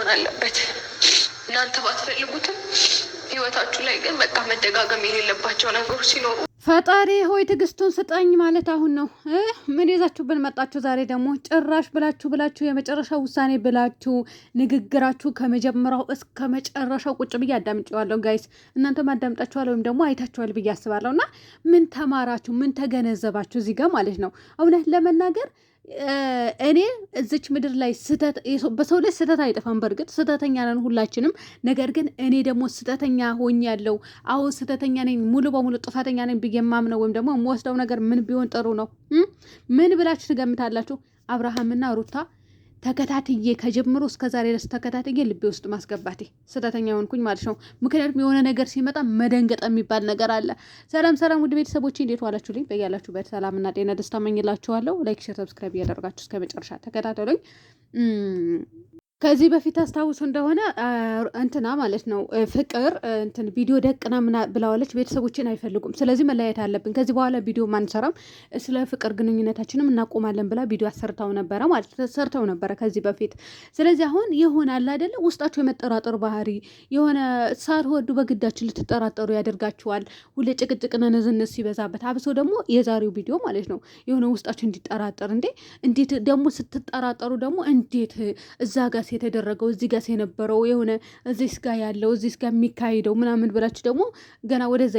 መሆን አለበት። እናንተ ባትፈልጉትም ህይወታችሁ ላይ ግን በቃ መደጋገም የሌለባቸው ነገሮች ሲኖሩ ፈጣሪ ሆይ ትዕግስቱን ስጠኝ ማለት አሁን ነው። ምን ይዛችሁብን መጣችሁ? ዛሬ ደግሞ ጭራሽ ብላችሁ ብላችሁ የመጨረሻ ውሳኔ ብላችሁ ንግግራችሁ ከመጀመሪያው እስከ መጨረሻው ቁጭ ብዬ አዳምጨዋለሁ ጋይስ እናንተም አዳምጣችኋል ወይም ደግሞ አይታችኋል ብዬ አስባለሁ። እና ምን ተማራችሁ? ምን ተገነዘባችሁ? እዚህ ጋር ማለት ነው እውነት ለመናገር እኔ እዚች ምድር ላይ በሰው ልጅ ስህተት አይጠፋም። በእርግጥ ስህተተኛ ነን ሁላችንም። ነገር ግን እኔ ደግሞ ስህተተኛ ያለው አሁን ስህተተኛ ነኝ፣ ሙሉ በሙሉ ጥፋተኛ ነኝ ብዬ የማምነው ወይም ደግሞ የምወስደው ነገር ምን ቢሆን ጥሩ ነው? ምን ብላችሁ ትገምታላችሁ? አብርሃምና ሩታ ተከታትዬ ከጀምሮ እስከ ዛሬ ድረስ ተከታትዬ ልቤ ውስጥ ማስገባቴ ስህተተኛ ሆንኩኝ ማለት ነው። ምክንያቱም የሆነ ነገር ሲመጣ መደንገጥ የሚባል ነገር አለ። ሰላም ሰላም፣ ውድ ቤተሰቦቼ እንዴት ዋላችሁልኝ? በያላችሁበት ሰላምና ጤና ደስታ መኝላችኋለሁ። ላይክ፣ ሼር፣ ሰብስክራይብ እያደረጋችሁ እስከ መጨረሻ ተከታተሉኝ። ከዚህ በፊት አስታውሱ እንደሆነ እንትና ማለት ነው ፍቅር እንትን ቪዲዮ ደቅና ምና ብላዋለች። ቤተሰቦችን አይፈልጉም፣ ስለዚህ መለያየት አለብን፣ ከዚህ በኋላ ቪዲዮ ማንሰራም፣ ስለ ፍቅር ግንኙነታችንም እናቆማለን ብላ ቪዲዮ አሰርተው ነበረ ማለት ሰርተው ነበረ ከዚህ በፊት። ስለዚህ አሁን ይሆናል አይደለ ውስጣቸው የመጠራጠር ባህሪ የሆነ ሳትወዱ በግዳችን ልትጠራጠሩ ያደርጋችኋል። ሁሌ ጭቅጭቅና ንዝንዝ ሲበዛበት፣ አብሶ ደግሞ የዛሬው ቪዲዮ ማለት ነው የሆነ ውስጣቸው እንዲጠራጠር እንዴ፣ እንዴት ደግሞ ስትጠራጠሩ ደግሞ እንዴት እዛ ጋር የተደረገው እዚህ ጋስ የነበረው የሆነ እዚህ ጋ ያለው እዚህ ጋ የሚካሄደው ምናምን ብላችሁ ደግሞ ገና ወደዛ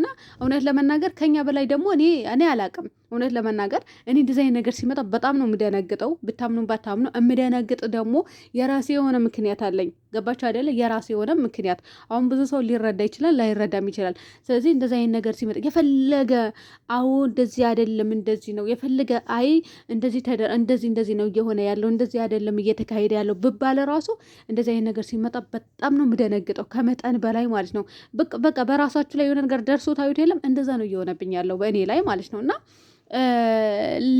እና እውነት ለመናገር ከኛ በላይ ደግሞ እኔ እኔ አላቅም እውነት ለመናገር እኔ ዲዛይን ነገር ሲመጣ በጣም ነው የምደነግጠው። ብታምኑ ባታምኑ የምደነግጥ ደግሞ የራሴ የሆነ ምክንያት አለኝ። ገባችሁ አይደለ? የራሴ የሆነ ምክንያት። አሁን ብዙ ሰው ሊረዳ ይችላል፣ ላይረዳም ይችላል። ስለዚህ እንደዚህ አይነት ነገር ሲመጣ የፈለገ አዎ፣ እንደዚህ አይደለም፣ እንደዚህ ነው፣ የፈለገ አይ፣ እንደዚህ እንደዚህ እንደዚህ ነው እየሆነ ያለው፣ እንደዚህ አይደለም እየተካሄደ ያለው ብባለ ራሱ እንደዚህ አይነት ነገር ሲመጣ በጣም ነው የምደነግጠው፣ ከመጠን በላይ ማለት ነው። በቃ በራሳችሁ ላይ የሆነ ነገር ደርሶ ታዩት የለም? እንደዛ ነው እየሆነብኝ ያለው በእኔ ላይ ማለት ነው እና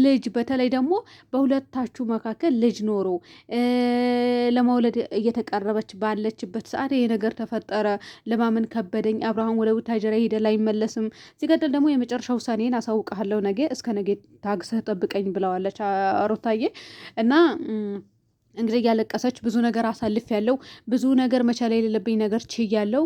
ልጅ በተለይ ደግሞ በሁለታችሁ መካከል ልጅ ኖሮ ለመውለድ እየተቀረበች ባለችበት ሰዓት ይሄ ነገር ተፈጠረ። ለማመን ከበደኝ። አብርሃም ወደ ቡታጀራ ሄደ አይመለስም። ሲቀጥል ደግሞ የመጨረሻ ውሳኔን አሳውቅሃለሁ ነገ፣ እስከ ነገ ታግሰህ ጠብቀኝ ብለዋለች ሩታዬ እና እንግዲህ ያለቀሰች ብዙ ነገር አሳልፍ ያለው ብዙ ነገር መቻል የሌለብኝ ነገር ችያለው።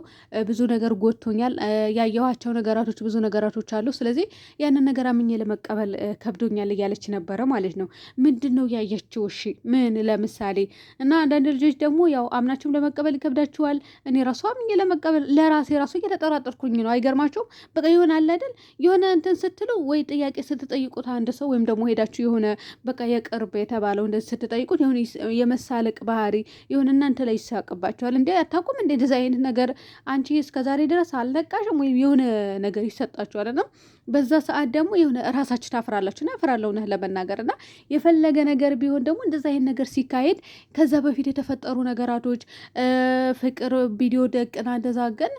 ብዙ ነገር ጎቶኛል ያየኋቸው ነገራቶች ብዙ ነገራቶች አሉ። ስለዚህ ያንን ነገር አምኜ ለመቀበል ከብዶኛል እያለች ነበረ ማለት ነው። ምንድን ነው ያየችው? እሺ ምን ለምሳሌ እና አንዳንድ ልጆች ደግሞ ያው አምናችሁም ለመቀበል ይከብዳችኋል። እኔ ራሱ አምኜ ለመቀበል ለራሴ ራሱ እየተጠራጠርኩኝ ነው። አይገርማችሁም? በቃ የሆነ አለ አይደል የሆነ እንትን ስትሉ ወይ ጥያቄ ስትጠይቁት አንድ ሰው ወይም ደግሞ ሄዳችሁ የሆነ በቃ የቅርብ የተባለው ስትጠይቁት የመሳለቅ ባህሪ ይሁን እናንተ ላይ ይሳቅባቸዋል። እንዲ አታውቁም እንደ እንደዚ አይነት ነገር አንቺ እስከዛሬ ድረስ አልነቃሽም ወይም የሆነ ነገር ይሰጣቸዋል ነው በዛ ሰዓት ደግሞ የሆነ ራሳችሁ ታፍራላችሁ። ና ያፈራለሁ ነህ ለመናገር ና የፈለገ ነገር ቢሆን ደግሞ እንደዚ ይሄን ነገር ሲካሄድ ከዛ በፊት የተፈጠሩ ነገራቶች ፍቅር ቪዲዮ ደቅና እንደዛ ግን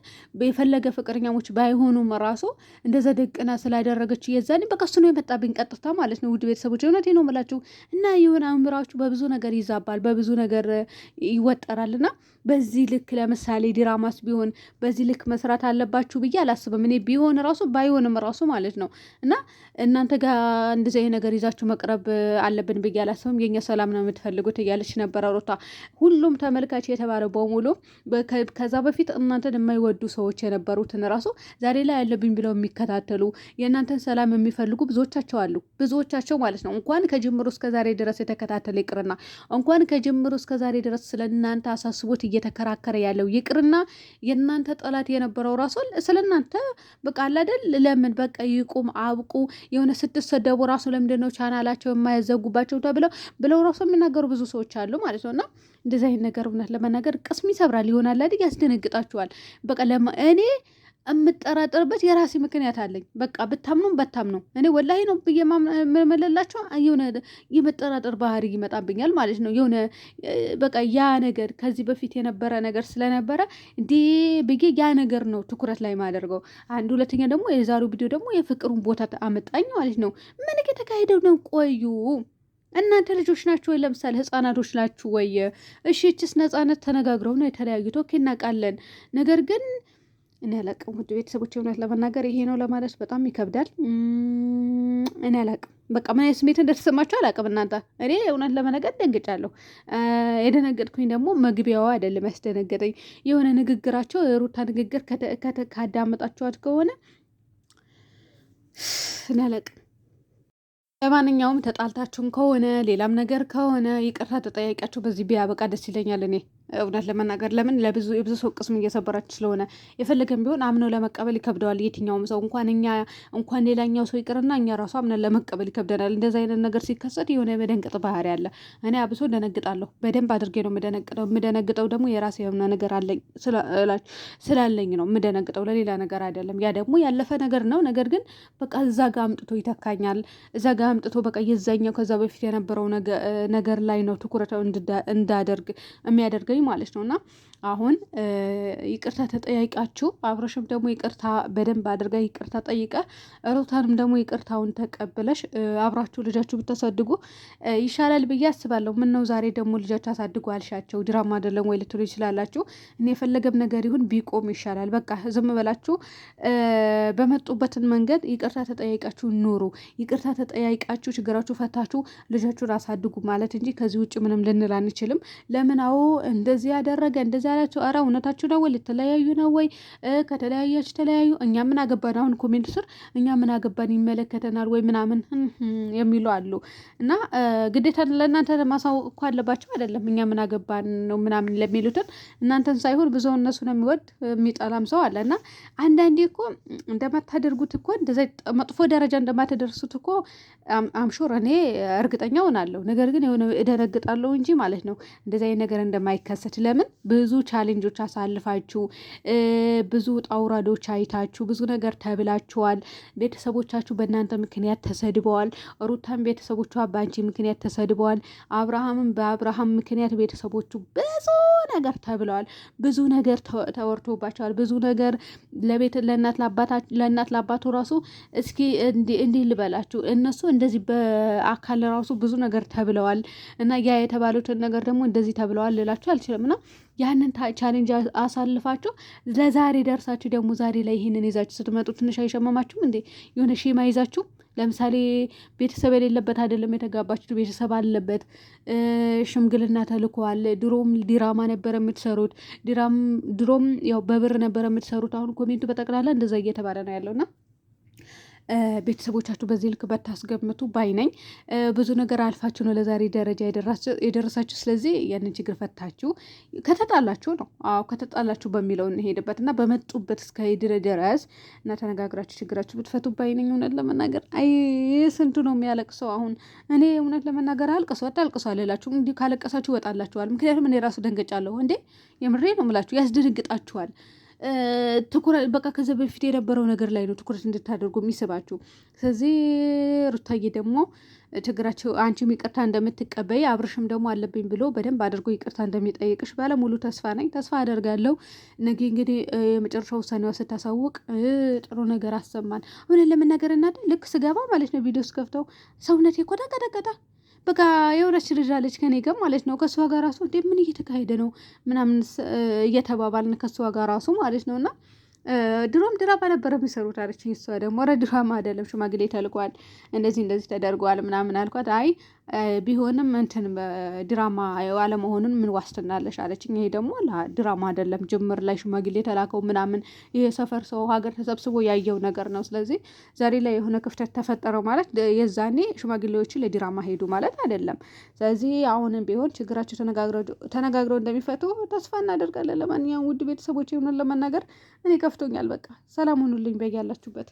የፈለገ ፍቅረኛሞች ባይሆኑም ራሱ እንደዛ ደቅና ስላደረገች የዛኔ በቃ እሱ ነው የመጣብኝ ቀጥታ ማለት ነው። ውድ ቤተሰቦች እውነቴ ነው የምላችሁ እና የሆነ አእምሯችሁ በብዙ ነገር ይዛባል፣ በብዙ ነገር ይወጠራል ና በዚህ ልክ ለምሳሌ ዲራማስ ቢሆን በዚህ ልክ መስራት አለባችሁ ብዬ አላስብም እኔ ቢሆን ራሱ ባይሆንም ራሱ ማለት ነው። እና እናንተ ጋር እንደዚህ ነገር ይዛችሁ መቅረብ አለብን ብዬ አላስብም። የኛ ሰላም ነው የምትፈልጉት እያለች ነበረ ሮታ። ሁሉም ተመልካች የተባለ በሙሉ ከዛ በፊት እናንተን የማይወዱ ሰዎች የነበሩትን ራሱ ዛሬ ላይ አለብኝ ብለው የሚከታተሉ የእናንተን ሰላም የሚፈልጉ ብዙዎቻቸው አሉ። ብዙዎቻቸው ማለት ነው እንኳን ከጅምሩ እስከ ዛሬ ድረስ የተከታተለ ይቅርና እንኳን ከጅምሩ እስከ ዛሬ ድረስ ስለ እናንተ አሳስቦት እየተከራከረ ያለው ይቅርና የእናንተ ጠላት የነበረው ራሱ ስለ እናንተ በቃ አላደል ለምን በቃ ጠይቁም አብቁ የሆነ ስትሰደቡ ራሱ ለምንድን ነው ቻናላቸው የማያዘጉባቸው ተብለው ብለው ራሱ የሚናገሩ ብዙ ሰዎች አሉ ማለት ነውና እንደዚህ አይነት ነገር እውነት ለመናገር ቅስም ይሰብራል ይሆናል አይደል? ያስደነግጣችኋል። በቃ ለእኔ የምጠራጠርበት የራሴ ምክንያት አለኝ። በቃ ብታምኑም ነው እኔ ወላሂ ነው ብዬ መመለላቸው የሆነ የመጠራጠር ባህሪ ይመጣብኛል ማለት ነው። የሆነ በቃ ያ ነገር ከዚህ በፊት የነበረ ነገር ስለነበረ እንዴ ብዬ ያ ነገር ነው ትኩረት ላይ ማደርገው። አንድ ሁለተኛ ደግሞ የዛሬው ቪዲዮ ደግሞ የፍቅሩን ቦታ አመጣኝ ማለት ነው። ምን የተካሄደው ነው? ቆዩ እናንተ ልጆች ናችሁ ወይ? ለምሳሌ ህጻናቶች ናችሁ ወይ? እሺ፣ እችስ ነጻነት ተነጋግረው ነው የተለያዩት። ኦኬ እናውቃለን። ነገር ግን እኔ አላቅም። ውድ ቤተሰቦች እውነት ለመናገር ይሄ ነው ለማለት በጣም ይከብዳል። እኔ አላቅም፣ በቃ ምን ስሜት እንደተሰማችሁ አላቅም እናንተ። እኔ እውነት ለመነገር ደንግጫለሁ። የደነገጥኩኝ ደግሞ መግቢያዋ አይደለም ያስደነገጠኝ፣ የሆነ ንግግራቸው፣ የሩታ ንግግር ካዳመጣችኋት ከሆነ እኔ አላቅም። ለማንኛውም ተጣልታችሁም ከሆነ ሌላም ነገር ከሆነ ይቅርታ ተጠያቂያቸው በዚህ ቢያበቃ ደስ ይለኛል እኔ እውነት ለመናገር ለምን ለብዙ የብዙ ሰው ቅስም እየሰበራች ስለሆነ የፈለገም ቢሆን አምነው ለመቀበል ይከብደዋል። የትኛውም ሰው እንኳን እኛ እንኳን ሌላኛው ሰው ይቅርና እኛ ራሱ አምነን ለመቀበል ይከብደናል። እንደዚ አይነት ነገር ሲከሰት የሆነ የመደንቅጥ ባህሪ አለ። እኔ አብሶ ደነግጣለሁ። በደንብ አድርጌ ነው የምደነግጠው። የምደነግጠው ደግሞ የራሴ የሆነ ነገር አለኝ ስላለኝ ነው የምደነግጠው፣ ለሌላ ነገር አይደለም። ያ ደግሞ ያለፈ ነገር ነው። ነገር ግን በቃ እዛ ጋ አምጥቶ ይተካኛል። እዛ ጋ አምጥቶ በቃ የዛኛው ከዛ በፊት የነበረው ነገር ላይ ነው ትኩረት እንዳደርግ የሚያደርግ አደረገኝ ማለት ነው። እና አሁን ይቅርታ ተጠያይቃችሁ አብረሽም ደግሞ ይቅርታ በደንብ አድርጋ ይቅርታ ጠይቀ ሩታንም ደግሞ ይቅርታውን ተቀብለሽ አብራችሁ ልጃችሁ ብታሳድጉ ይሻላል ብዬ አስባለሁ። ምን ነው ዛሬ ደግሞ ልጃችሁ አሳድጉ አልሻቸው ድራማ አይደለም ወይ ልትሉ ይችላላችሁ። እኔ የፈለገም ነገር ይሁን ቢቆም ይሻላል። በቃ ዝም በላችሁ በመጡበትን መንገድ ይቅርታ ተጠያይቃችሁ ኑሩ። ይቅርታ ተጠያይቃችሁ ችግራችሁ ፈታችሁ ልጃችሁን አሳድጉ ማለት እንጂ ከዚህ ውጭ ምንም ልንል አንችልም። ለምን አዎ እንደዚህ ያደረገ እንደዚህ ያላቸው፣ ኧረ እውነታችሁ ነው ወይ? ልትለያዩ ነው ወይ? ከተለያያችሁ ተለያዩ። እኛ ምን አገባን? አሁን ኮሜንት ስር እኛ ምን አገባን ይመለከተናል ወይ ምናምን የሚሉ አሉ። እና ግዴታ ለእናንተ ማሳወቅ እኮ አለባቸው አይደለም። እኛ ምን አገባን ነው ምናምን ለሚሉትን እናንተን ሳይሆን ብዙ እነሱን የሚወድ የሚጠላም ሰው አለ። እና አንዳንዴ እኮ እንደማታደርጉት እኮ እንደዛ መጥፎ ደረጃ እንደማትደርሱት እኮ አምሹር እኔ እርግጠኛ ሆናለሁ። ነገር ግን የሆነ እደነግጣለሁ እንጂ ማለት ነው እንደዚህ አይነት ነገር እንደማይከ እንዳይከሰት። ለምን ብዙ ቻሌንጆች አሳልፋችሁ ብዙ ጣውራዶች አይታችሁ ብዙ ነገር ተብላችኋል። ቤተሰቦቻችሁ በእናንተ ምክንያት ተሰድበዋል። ሩታን ቤተሰቦቿ በአንቺ ምክንያት ተሰድበዋል። አብርሃምን በአብርሃም ምክንያት ቤተሰቦቹ ብዙ ነገር ተብለዋል። ብዙ ነገር ተወርቶባቸዋል። ብዙ ነገር ለቤት ለእናት ለአባቱ ራሱ እስኪ እንዲህ ልበላችሁ እነሱ እንደዚህ በአካል ራሱ ብዙ ነገር ተብለዋል እና ያ የተባሉትን ነገር ደግሞ እንደዚህ ተብለዋል ልላችሁ አይችልም እና ያንን ቻሌንጅ አሳልፋችሁ ለዛሬ ደርሳችሁ ደግሞ ዛሬ ላይ ይህንን ይዛችሁ ስትመጡ ትንሽ አይሸመማችሁም እንዴ? የሆነ ሼማ ይዛችሁ ለምሳሌ ቤተሰብ የሌለበት አይደለም የተጋባችሁ፣ ቤተሰብ አለበት። ሽምግልና ተልኮዋል። ድሮም ዲራማ ነበር የምትሰሩት። ድሮም ያው በብር ነበር የምትሰሩት። አሁን ኮሜንቱ በጠቅላላ እንደዛ እየተባለ ነው ያለውና ቤተሰቦቻችሁ በዚህ ልክ በታስገምቱ ባይነኝ። ብዙ ነገር አልፋችሁ ነው ለዛሬ ደረጃ የደረሳችሁ። ስለዚህ ያንን ችግር ፈታችሁ ከተጣላችሁ ነው። አዎ ከተጣላችሁ በሚለው እንሄድበት እና በመጡበት እስከሄድረ ድረስ እና ተነጋግራችሁ ችግራችሁ ብትፈቱ ነኝ። እውነት ለመናገር አይ ስንቱ ነው የሚያለቅሰው። አሁን እኔ እውነት ለመናገር አልቅሱ አታልቅሱ አልላችሁም። እንዲህ ካለቀሳችሁ ይወጣላችኋል። ምክንያቱም እኔ ራሱ ደንገጫለሁ እንዴ። የምሬ ነው የምላችሁ፣ ያስደነግጣችኋል። ትኩረት በቃ ከዚ በፊት የነበረው ነገር ላይ ነው ትኩረት እንድታደርጉ የሚስባችሁ። ስለዚህ ሩታዬ ደግሞ ችግራቸው አንቺም ይቅርታ እንደምትቀበይ አብርሽም ደግሞ አለብኝ ብሎ በደንብ አድርጎ ይቅርታ እንደሚጠይቅሽ ባለሙሉ ተስፋ ነኝ፣ ተስፋ አደርጋለሁ። ነገ እንግዲህ የመጨረሻ ውሳኔዋ ስታሳውቅ ጥሩ ነገር አሰማን። እውነት ለመናገር እናደ ልክ ስገባ ማለት ነው ቪዲዮ ስከፍተው ሰውነቴ ኮዳ ቀጠቀጠ። በቃ የሆነች ልጅ አለች ከኔ ጋር ማለት ነው። ከእሷ ጋር ራሱ እንዴ ምን እየተካሄደ ነው ምናምን እየተባባልን ከእሷ ጋር ራሱ ማለት ነው እና ድሮም ድራማ ነበር የሚሰሩት አለችኝ። እሷ ደግሞ ኧረ ድራማ አይደለም ሽማግሌ ተልቋል፣ እንደዚህ እንደዚህ ተደርጓል ምናምን አልኳት። አይ ቢሆንም እንትን ድራማ አለመሆኑን ምን ዋስትናለሽ አለች። ይሄ ደግሞ ድራማ አይደለም ጅምር ላይ ሽማግሌ የተላከው ምናምን ይህ ሰፈር ሰው ሀገር ተሰብስቦ ያየው ነገር ነው። ስለዚህ ዛሬ ላይ የሆነ ክፍተት ተፈጠረ ማለት የዛኔ ሽማግሌዎችን ለድራማ ሄዱ ማለት አይደለም። ስለዚህ አሁንም ቢሆን ችግራቸው ተነጋግረው እንደሚፈቱ ተስፋ እናደርጋለን። ለማንኛውም ውድ ቤተሰቦች የሆነን ለመናገር እኔ ከፍቶኛል። በቃ ሰላም ሁኑልኝ በያላችሁበት።